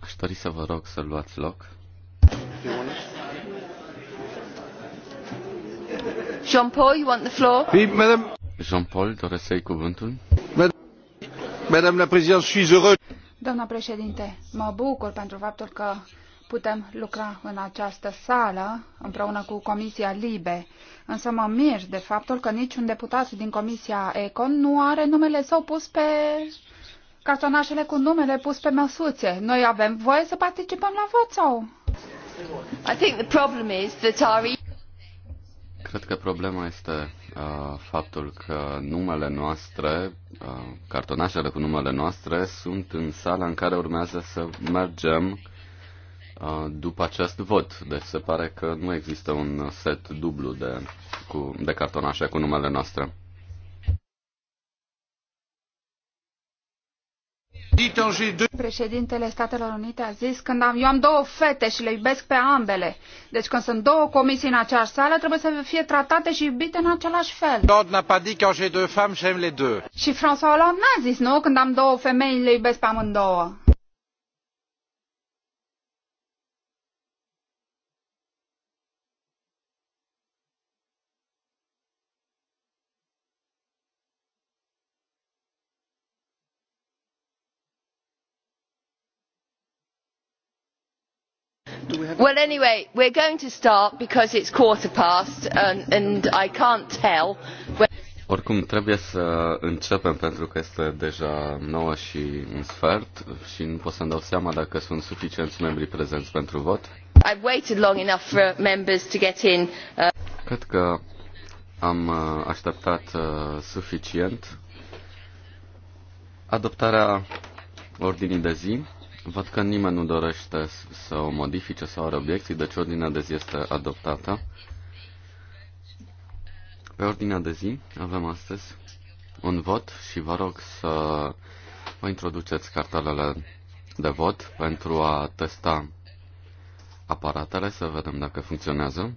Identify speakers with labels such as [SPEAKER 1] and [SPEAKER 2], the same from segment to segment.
[SPEAKER 1] Aș dori să vă rog să luați loc.
[SPEAKER 2] Jean-Paul, you want the floor?
[SPEAKER 1] Oui, madame. Jean-Paul, doresc să iei cuvântul? Madame la présidente, suis heureux.
[SPEAKER 3] Doamna președinte, mă bucur pentru faptul că putem lucra în această sală împreună cu Comisia Libe. Însă mă mir de faptul că niciun deputat din Comisia Econ nu are numele său pus pe cartonașele cu numele pus pe măsuțe. Noi avem voie să participăm la vot sau?
[SPEAKER 2] I think the problem is that our...
[SPEAKER 1] Cred că problema este uh, faptul că numele noastre, uh, cartonașele cu numele noastre, sunt în sala în care urmează să mergem Uh, după acest vot. Deci se pare că nu există un set dublu de, cu, de cartonașe cu numele noastre.
[SPEAKER 3] Președintele Statelor Unite a zis când am, eu am două fete și le iubesc pe ambele. Deci când sunt două comisii în aceeași sală, trebuie să fie tratate și iubite în același fel. Și François Hollande n-a zis, nu? Când am două femei, le iubesc pe amândouă.
[SPEAKER 2] well anyway we are going to start because it is quarter past and, um, and i can't tell
[SPEAKER 1] Oricum, trebuie să începem pentru că este deja 9 și un sfert și nu pot să-mi dau seama dacă sunt suficienți membri prezenți pentru vot.
[SPEAKER 2] I've waited long enough for members to get in. Uh...
[SPEAKER 1] Cred că am uh, așteptat uh, suficient adoptarea ordinii de zi. Văd că nimeni nu dorește să o modifice sau are obiecții, deci ordinea de zi este adoptată. Pe ordinea de zi avem astăzi un vot și vă rog să vă introduceți cartelele de vot pentru a testa aparatele, să vedem dacă funcționează.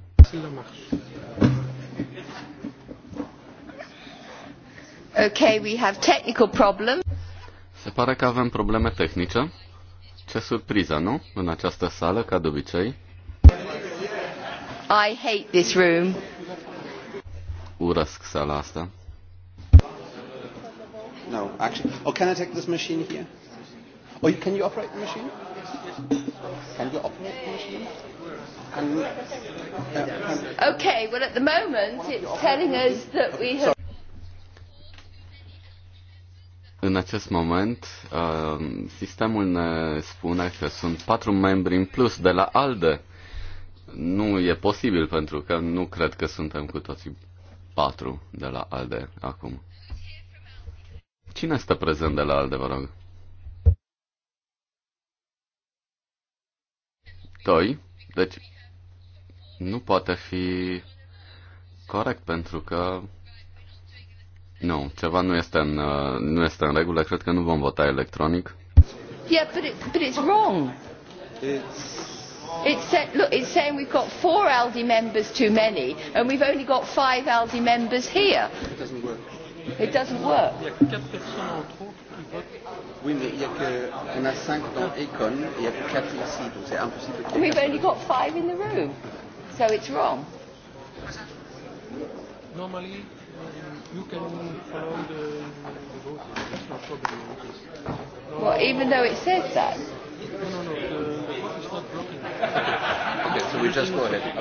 [SPEAKER 2] Okay, we have technical problems.
[SPEAKER 1] Se pare că avem probleme tehnice. Ce surpriză, nu? În această sală, ca de obicei.
[SPEAKER 2] I hate this
[SPEAKER 1] room. Urăsc sala asta.
[SPEAKER 3] No, actually. Oh, can I take this machine here?
[SPEAKER 2] Oh, can you operate the machine? Can you operate the machine? Can you, uh, can... Okay, well at the moment it's telling us that we have
[SPEAKER 1] În acest moment, uh, sistemul ne spune că sunt patru membri în plus de la ALDE. Nu e posibil pentru că nu cred că suntem cu toții patru de la ALDE acum. Cine este prezent de la ALDE, vă rog? Toi? Deci, nu poate fi corect pentru că nu, ceva nu este în, uh, nu este în regulă. Cred că nu vom vota electronic.
[SPEAKER 2] Yeah, but, it, but it's wrong. It's... It's, look, it's saying we've got four ALDE members too many, and we've only got five ALDE members here.
[SPEAKER 1] It doesn't work. It doesn't work. We've
[SPEAKER 2] only got five in the room, so it's wrong. Normally,
[SPEAKER 1] You can follow the, the voting. That's no problem. No, well, even though it says that. No, no, no. The, vote is not blocking. Okay. so we just go ahead.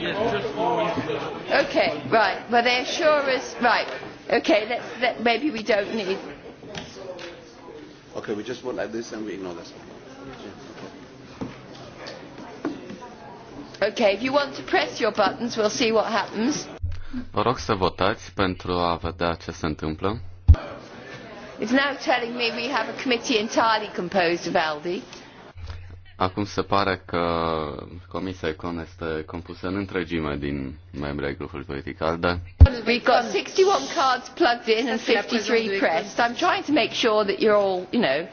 [SPEAKER 2] Okay. Okay, right. Well, they assure us. Right. Okay, let's, let, maybe we don't need.
[SPEAKER 1] Okay, we just vote like this and we ignore this.
[SPEAKER 2] Okay, if you want to press your buttons, we'll see what happens.
[SPEAKER 1] Vă rog să votați pentru a vedea ce se întâmplă.
[SPEAKER 2] It's now telling me we have a committee entirely composed of ALDI.
[SPEAKER 1] Acum se pare că Comisia Econ este compusă în întregime din membrii ai grupului politic ALDE.
[SPEAKER 2] We've got 61 cards plugged in and 53 pressed. I'm trying to make sure that you're all, you know,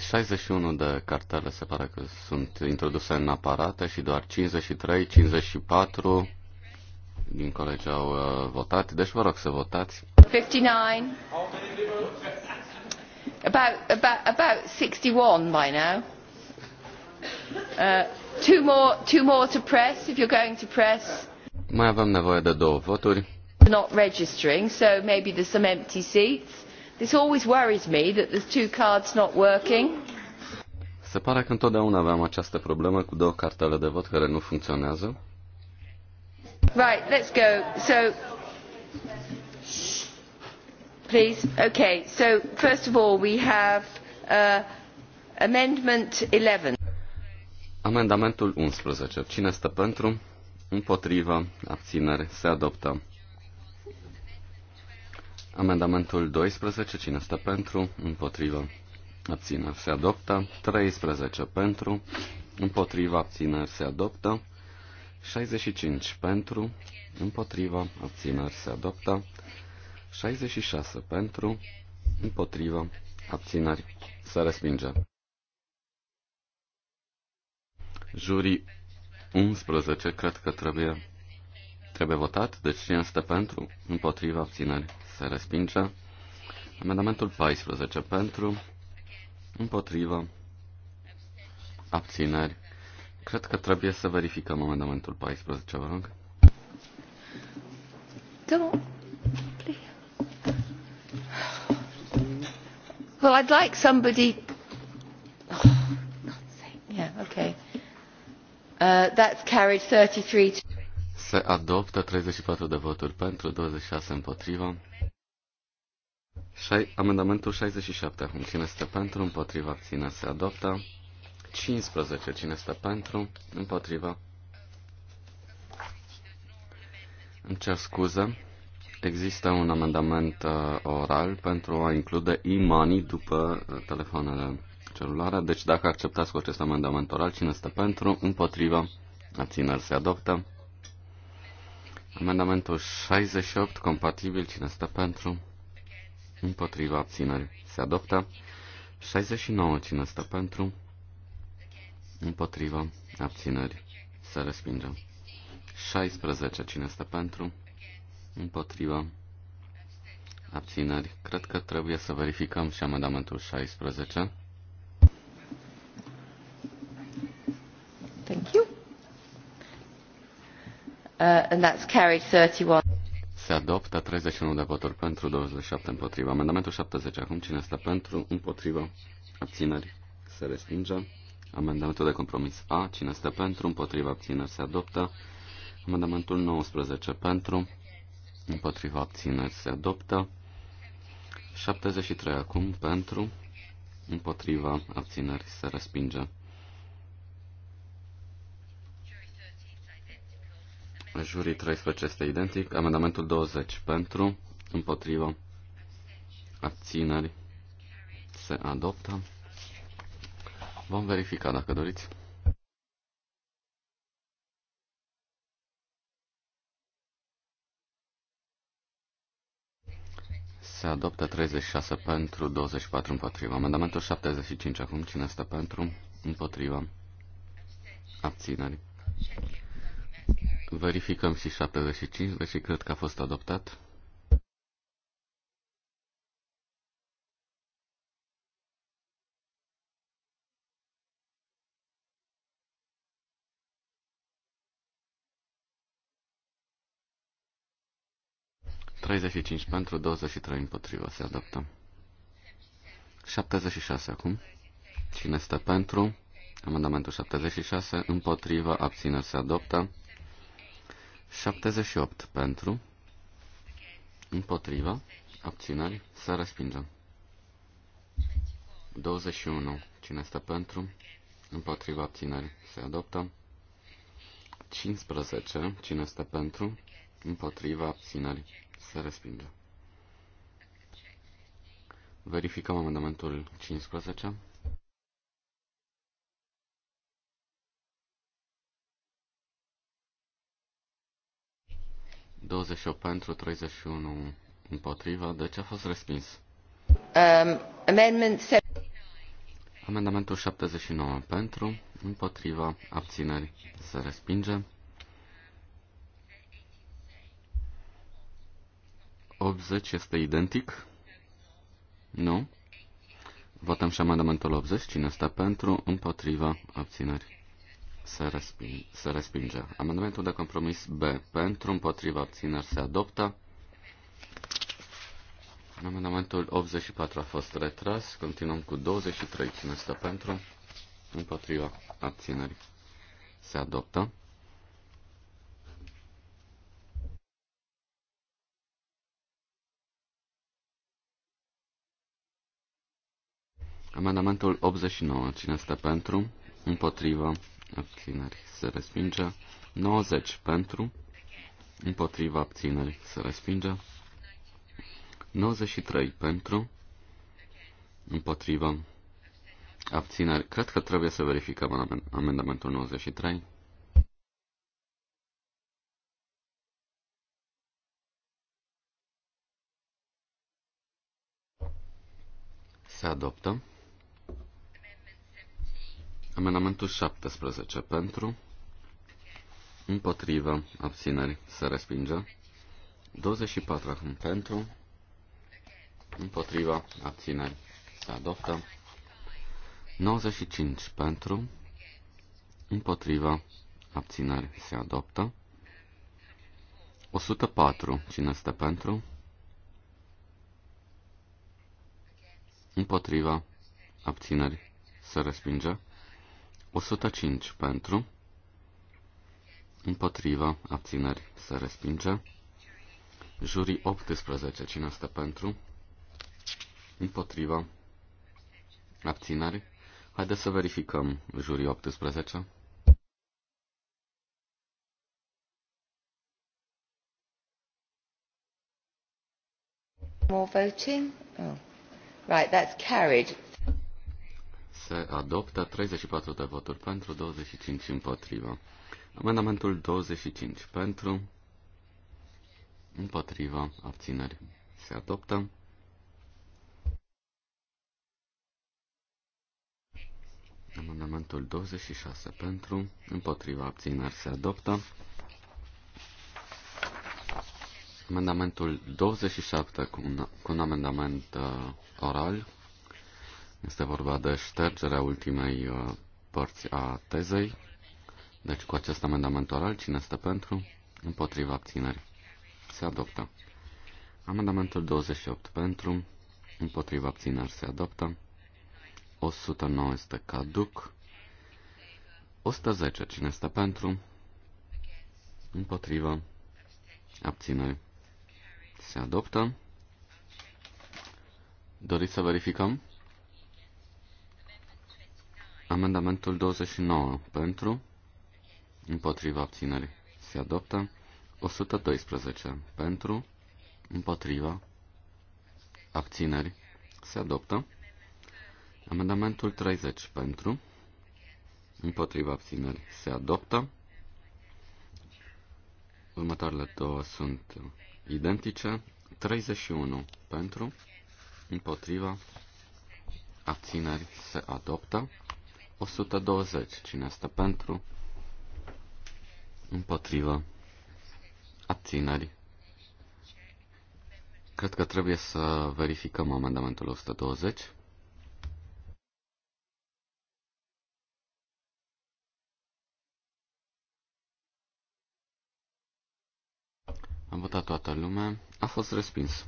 [SPEAKER 1] 61 de cartele se pare că sunt introduse în aparate și doar 53, 54 din colegi au uh, votat, deci vă rog să votați.
[SPEAKER 2] 59. About, about, about 61 by now. Uh, two more, two more to press if you're going to press.
[SPEAKER 1] Mai avem nevoie de două voturi.
[SPEAKER 2] Not registering, so maybe there's some empty seats. This always worries me that there's two cards not working.
[SPEAKER 1] Se pare că întotdeauna aveam această problemă cu două cartele de vot care nu funcționează.
[SPEAKER 2] Right, let's go. So, please. Okay. So, first of all, we have uh, amendment 11.
[SPEAKER 1] Amendamentul 11. Cine stă pentru? Împotrivă. Abținere. Se adoptă. Amendamentul 12. Cine stă pentru? Împotrivă. Abțineri. Se adoptă. 13. Pentru. Împotrivă. Abțineri. Se adoptă. 65 pentru, împotriva, abțineri se adoptă. 66 pentru, împotriva, abțineri se respinge. Jurii 11 cred că trebuie, trebuie votat, deci cine este pentru, împotriva, abțineri se respinge. Amendamentul 14 pentru, împotriva, abțineri Cred că trebuie să verificăm amendamentul 14, vă rog.
[SPEAKER 2] Well, I'd like somebody. Oh, yeah, okay. Uh, that's carried 33 to...
[SPEAKER 1] Se adoptă 34 de voturi pentru, 26 împotriva. amendamentul 67 acum. Cine este pentru, împotriva, ține, se adoptă. 15. Cine este pentru? Împotriva. Îmi cer scuze. Există un amendament uh, oral pentru a include e-money după uh, telefoanele celulare. Deci dacă acceptați cu acest amendament oral, cine este pentru? Împotriva. Abțineri se adoptă. Amendamentul 68, compatibil, cine stă pentru? Împotriva abțineri. Se adoptă. 69, cine stă pentru? împotriva, abțineri, să respingem. 16. Cine este pentru? Împotriva, abțineri. Cred că trebuie să verificăm și amendamentul 16.
[SPEAKER 2] Thank you. Uh, and that's carried 31.
[SPEAKER 1] Se adoptă 31 de voturi pentru, 27 împotriva. Amendamentul 70. Acum cine este pentru? Împotriva. abținării. Se respinge. Amendamentul de compromis A. Cine este pentru? Împotriva abțineri se adoptă. Amendamentul 19 pentru. Împotriva abțineri se adoptă. 73 acum pentru. Împotriva abțineri se respinge. Jurii 13 este identic. Amendamentul 20 pentru. Împotriva abțineri se adoptă. Vom verifica dacă doriți. Se adoptă 36 pentru, 24 împotriva. Amendamentul 75 acum. Cine este pentru? Împotriva. Abținere. Verificăm și 75, deși cred că a fost adoptat. 35 pentru, 23 împotriva. Se adoptă. 76 acum. Cine este pentru? Amendamentul 76. Împotriva. Abțineri. Se adoptă. 78 pentru. Împotriva. Abțineri. Se respinge. 21. Cine este pentru? Împotriva abținerii. Se adoptă. 15. Cine este pentru? Împotriva abținerii. Se respinge. Verificăm amendamentul 15. pentru, 31 împotriva, De ce a fost respins.
[SPEAKER 2] Um, amendment
[SPEAKER 1] Amendamentul 79 pentru, împotriva, abțineri, se respinge. 80 este identic? Nu? Votăm și amendamentul 80. Cine stă pentru? Împotriva? Abțineri? Se, resping, se respinge. Amendamentul de compromis B. Pentru? Împotriva? Abțineri? Se adoptă. Amendamentul 84 a fost retras. Continuăm cu 23. Cine stă pentru? Împotriva? abținerii. Se adoptă. Amendamentul 89. Cine este pentru? Împotrivă. Abțineri. Se respinge. 90 pentru. Împotriva abțineri. Se respinge. 93 pentru. Împotriva abțineri. Cred că trebuie să verificăm amendamentul 93. Se adoptă. Amendamentul 17 pentru, împotrivă, abțineri, se respinge. 24 acum pentru, împotriva, abțineri, se adoptă. 95 pentru, împotriva, abțineri, se adoptă. 104, cine este pentru? Împotriva, abțineri, se respinge. 105 pentru, împotriva, abțineri, se respinge. Juri 18, cine este pentru, împotriva, abțineri. Haideți să verificăm juri 18.
[SPEAKER 2] More voting? Oh. Right, that's carried
[SPEAKER 1] se adoptă 34 de voturi pentru, 25 împotrivă. Amendamentul 25 pentru, împotrivă, abțineri se adoptă. Amendamentul 26 pentru, împotriva abțineri se adoptă. Amendamentul 27 cu un, cu un amendament uh, oral este vorba de ștergerea ultimei uh, părți a tezei. Deci cu acest amendament oral, cine este pentru? Împotriva abținerii. Se adoptă. Amendamentul 28 pentru, împotriva abținerii se adoptă. 109 este caduc. 110 cine este pentru, împotriva abținerii. se adoptă. Doriți să verificăm? Amendamentul 29 pentru, împotriva abținerii se adoptă. 112 pentru, împotriva abținerii se adoptă. Amendamentul 30 pentru, împotriva abținerii se adoptă. Următoarele două sunt identice. 31 pentru, împotriva, abțineri se adoptă. 120. Cine este pentru? Împotrivă. Abțineri. Cred că trebuie să verificăm amendamentul 120. Am votat toată lumea. A fost respins.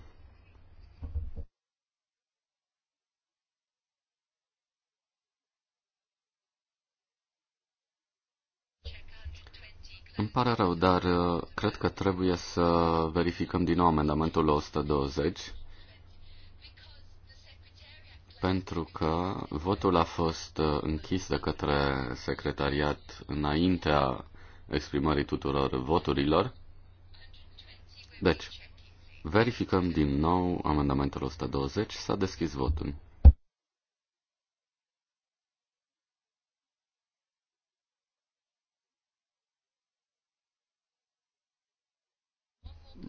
[SPEAKER 1] Îmi pare rău, dar uh, cred că trebuie să verificăm din nou amendamentul 120 pentru că votul a fost uh, închis de către secretariat înaintea exprimării tuturor voturilor. Deci, verificăm din nou amendamentul 120, s-a deschis votul.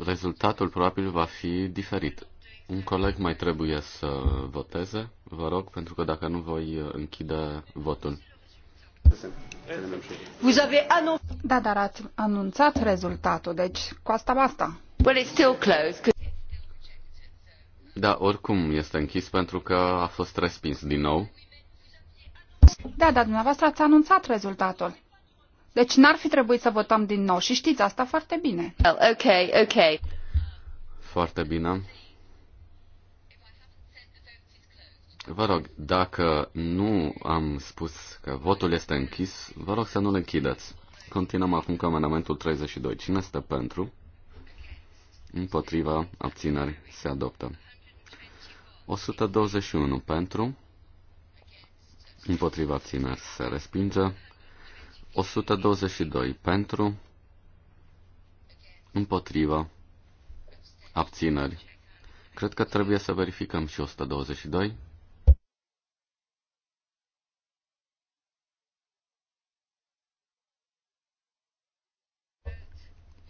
[SPEAKER 1] rezultatul probabil va fi diferit. Un coleg mai trebuie să voteze, vă rog, pentru că dacă nu voi închide votul.
[SPEAKER 3] Da, dar ați anunțat rezultatul, deci cu asta basta.
[SPEAKER 2] Well, it's still closed.
[SPEAKER 1] Da, oricum este închis pentru că a fost respins din nou.
[SPEAKER 3] Da, dar dumneavoastră ați anunțat rezultatul. Deci n-ar fi trebuit să votăm din nou și știți asta foarte bine.
[SPEAKER 2] Ok, ok.
[SPEAKER 1] Foarte bine. Vă rog, dacă nu am spus că votul este închis, vă rog să nu-l închideți. Continuăm acum cu amendamentul 32. Cine este pentru? Împotriva abțineri se adoptă. 121 pentru. Împotriva abțineri se respinge. 122 pentru, împotriva, abțineri. Cred că trebuie să verificăm și 122.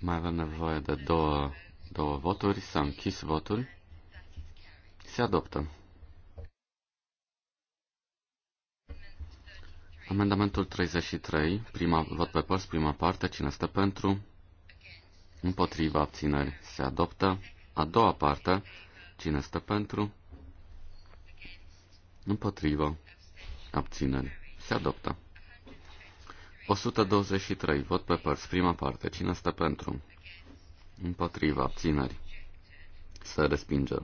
[SPEAKER 1] Mai avem nevoie de două, două voturi. S-a închis votul. Se adoptă. Amendamentul 33, prima, vot pe părți, prima parte, cine stă pentru, împotriva abțineri se adoptă. A doua parte, cine stă pentru, împotriva abțineri se adoptă. 123, vot pe părți, prima parte, cine stă pentru, împotriva abțineri se respinge.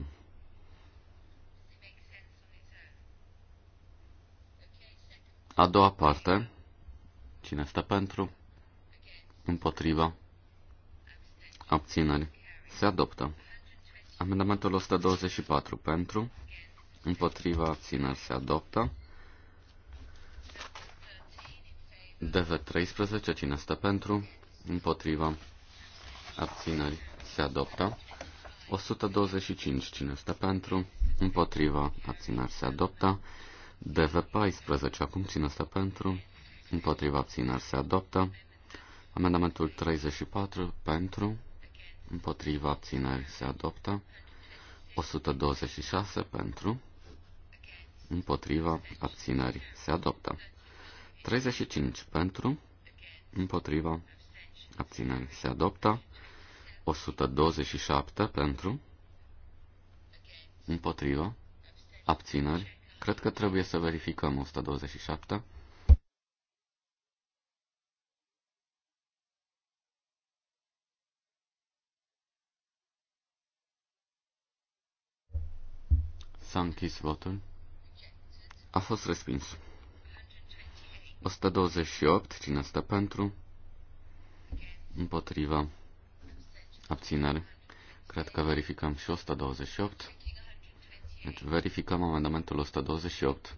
[SPEAKER 1] A doua parte. Cine este pentru? Împotriva. Abțineri. Se adoptă. Amendamentul 124 pentru. Împotriva abțineri se adoptă. DV13, cine este pentru? Împotriva abțineri se adoptă. 125, cine este pentru? Împotriva abțineri se adoptă. DV14. Acum cine este pentru? Împotriva abțineri se adoptă. Amendamentul 34 pentru. Împotriva abțineri se adoptă. 126 pentru. Împotriva abțineri se adoptă. 35 pentru. Împotriva abțineri se adoptă. 127 pentru. Împotriva abțineri Cred că trebuie să verificăm 127. S-a închis votul. A fost respins. 128. Cine stă pentru? Împotriva. Abținere. Cred că verificăm și 128. Deci verificăm amendamentul 128.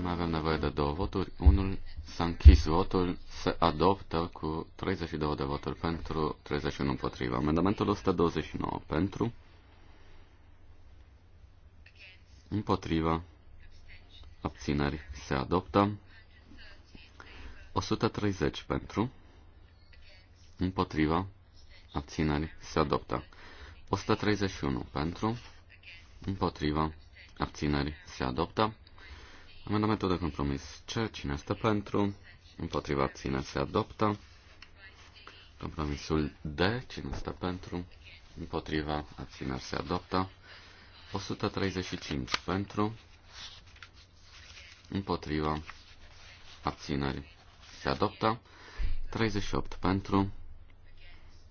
[SPEAKER 1] Mai avem nevoie de două voturi. Unul s-a închis votul, se adoptă cu 32 de voturi pentru, 31 împotriva. Amendamentul 129 pentru, împotriva, abțineri se adoptă. 130 pentru, împotriva, abțineri, se adoptă. 131 pentru, împotriva, abțineri, se adoptă. Amendamentul de compromis C, cine este pentru, împotriva, abține, se adoptă. Compromisul D, cine este pentru, împotriva, abțineri, se adoptă. 135 pentru, împotriva, abțineri, se adoptă. 38 pentru,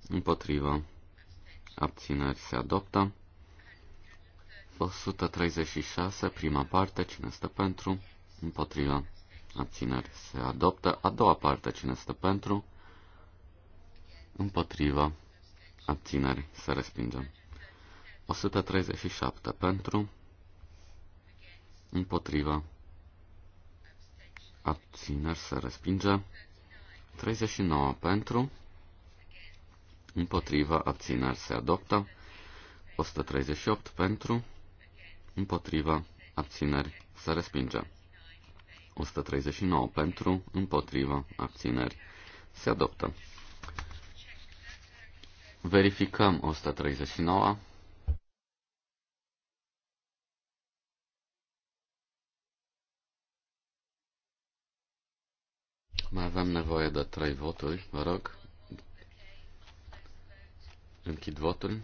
[SPEAKER 1] împotrivă, abțineri se adoptă. 136, prima parte, cine stă pentru, împotriva, abțineri se adoptă. A doua parte, cine stă pentru, împotriva, abțineri se respinge. 137 pentru, împotriva, abțineri se respinge. 39 pentru, împotriva abțineri se adoptă. 138 pentru, împotriva abțineri se respinge. 139 pentru, împotriva abțineri se adoptă. Verificăm 139. Mai avem nevoie de trei voturi, vă rog. Închid votul.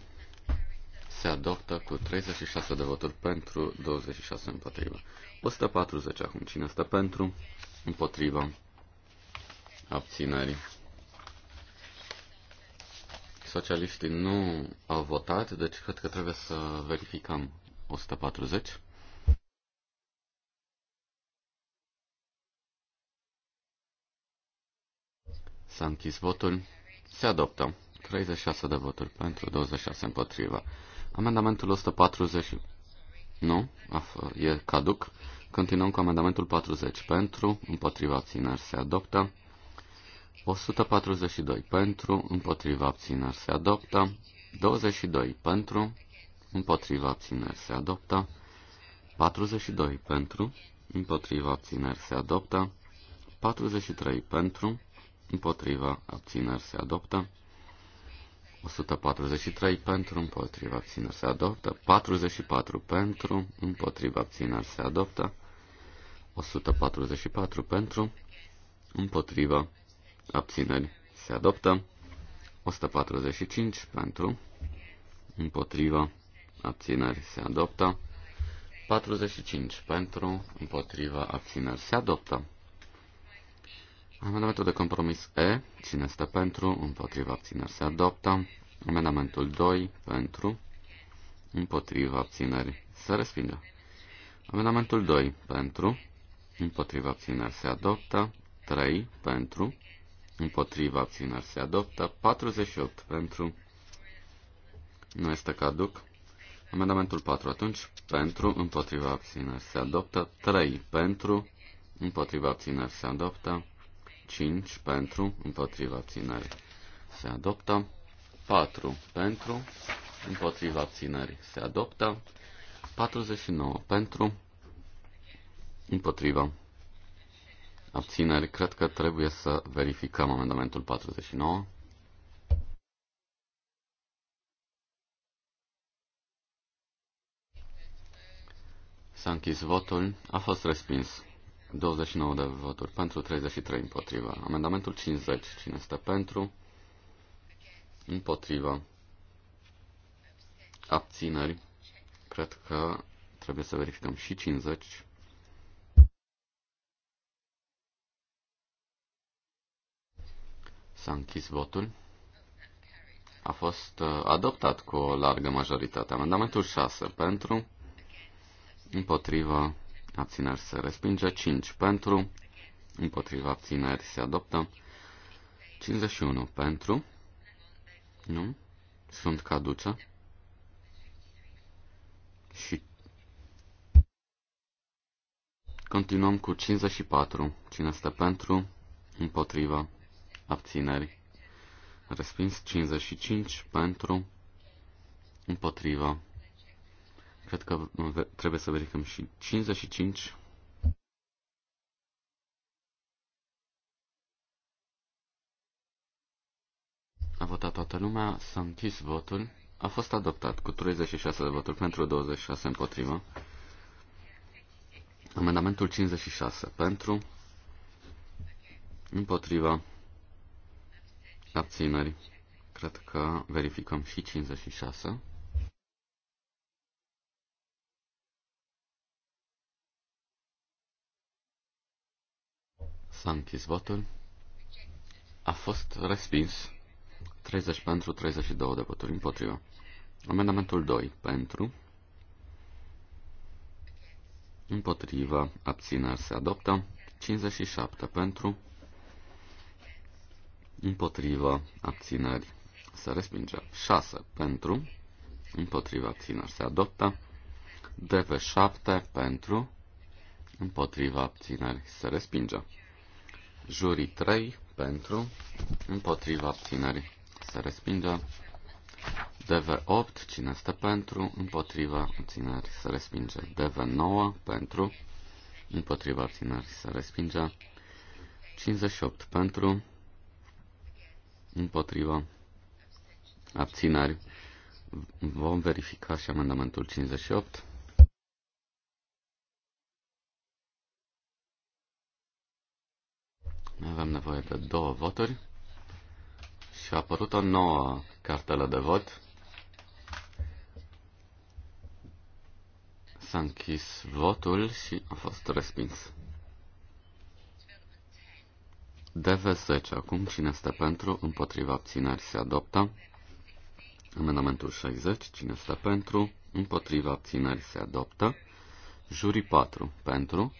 [SPEAKER 1] Se adoptă cu 36 de voturi pentru, 26 împotriva. 140 acum. Cine stă pentru? Împotriva. Abținerii. Socialiștii nu au votat, deci cred că trebuie să verificăm 140. S-a închis votul. Se adoptă. 36 de voturi pentru, 26 împotriva. Amendamentul 140. Nu? E caduc. Continuăm cu amendamentul 40. Pentru, împotriva abțineri se adoptă. 142. Pentru, împotriva abțineri se adoptă. 22. Pentru, împotriva abțineri se adoptă. 42. Pentru, împotriva abțineri se adoptă. 43. Pentru, împotriva, abțineri se adoptă. 143 pentru, împotriva, abțineri se adoptă. 44 pentru, împotriva, abțineri se adoptă. 144 pentru, împotriva, abțineri se adoptă. 145 pentru, împotriva, abțineri se adoptă. 45 pentru, împotriva, abțineri se adoptă. Amendamentul de compromis E. Cine stă pentru? Împotriva abțineri se adoptă. Amendamentul 2. Pentru. Împotriva abțineri se respinge. Amendamentul 2. Pentru. Împotriva abțineri se adoptă. 3. Pentru. Împotriva abțineri se adoptă. 48. Pentru. Nu este caduc. Amendamentul 4 atunci. Pentru. Împotriva abțineri se adoptă. 3. Pentru. Împotriva abțineri se adoptă. 5 pentru, împotriva abținerii se adoptă, 4 pentru, împotriva abținerii se adoptă, 49 pentru, împotriva abțineri. Cred că trebuie să verificăm amendamentul 49. S-a închis votul, a fost respins. 29 de voturi pentru, 33 împotriva. Amendamentul 50. Cine este pentru? Împotriva. Abțineri. Cred că trebuie să verificăm și 50. S-a închis votul. A fost uh, adoptat cu o largă majoritate. Amendamentul 6 pentru, împotriva, abțineri se respinge, 5 pentru, împotriva abțineri se adoptă, 51 pentru, nu, sunt caduce și continuăm cu 54, cine este pentru, împotriva abțineri, respins 55 pentru, împotriva Cred că trebuie să verificăm și 55. A votat toată lumea, s-a închis votul. A fost adoptat cu 36 de voturi pentru 26 împotrivă. Amendamentul 56 pentru, împotriva, abțineri. Cred că verificăm și 56. S-a închis votul. A fost respins 30 pentru, 32 de voturi împotriva. Amendamentul 2 pentru, împotriva, abțineri se adoptă, 57 pentru, împotriva, abțineri se respinge, 6 pentru, împotriva, abțineri se adoptă, DV7 pentru, împotriva, abțineri se respinge. Jurii 3 pentru, împotriva abținerii se respinge. DV8, cine este pentru, împotriva abținerii se respinge. DV9 pentru, împotriva abținerii se respinge. 58 pentru, împotriva abținerii. Vom verifica și amendamentul 58. Avem nevoie de două voturi. Și a apărut o nouă cartelă de vot. S-a închis votul și a fost respins. DV10. Acum cine este pentru, împotriva abțineri se adoptă. Amendamentul 60. Cine este pentru, împotriva abțineri se adoptă. Jurii 4. Pentru,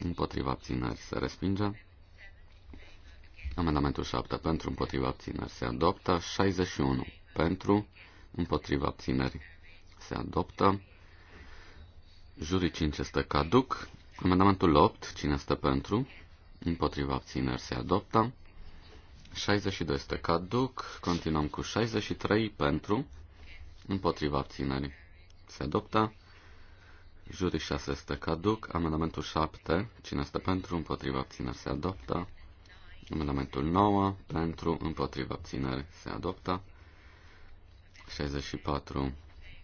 [SPEAKER 1] împotriva abțineri se respinge. Amendamentul 7 pentru împotriva abțineri se adoptă. 61 pentru împotriva abțineri se adoptă. Jurii 5 este caduc. Amendamentul 8, cine este pentru? Împotriva abțineri se adoptă. 62 este caduc. Continuăm cu 63 pentru. Împotriva abțineri se adoptă. Jurii 6 este caduc. Amendamentul 7, cine este pentru? Împotriva abțineri se adoptă. Amendamentul 9 pentru împotriva abținere se adoptă. 64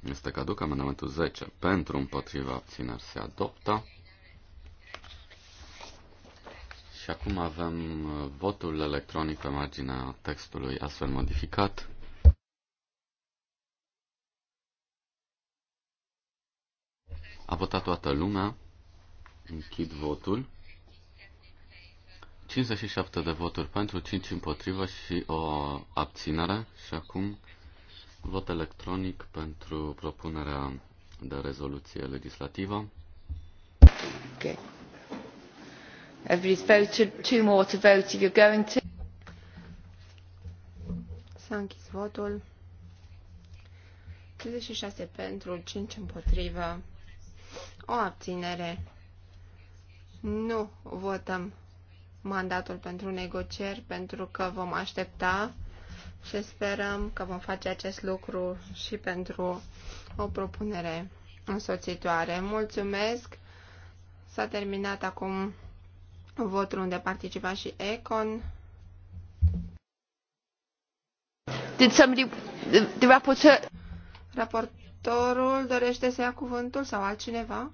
[SPEAKER 1] este caduc. Amendamentul 10 pentru împotriva abținere se adoptă. Și acum avem uh, votul electronic pe marginea textului astfel modificat. A votat toată lumea. Închid votul. 57 de voturi pentru, 5 împotrivă și o abținere. Și acum vot electronic pentru propunerea de rezoluție legislativă.
[SPEAKER 2] Okay. Everybody's voted. Two more to vote if you're going to. S-a închis votul.
[SPEAKER 3] 36 pentru, 5 împotrivă, o abținere. Nu votăm mandatul pentru negocieri, pentru că vom aștepta și sperăm că vom face acest lucru și pentru o propunere însoțitoare. Mulțumesc! S-a terminat acum votul unde participa și Econ.
[SPEAKER 2] Did somebody, the, the rapporteur...
[SPEAKER 3] Raportorul dorește să ia cuvântul sau altcineva?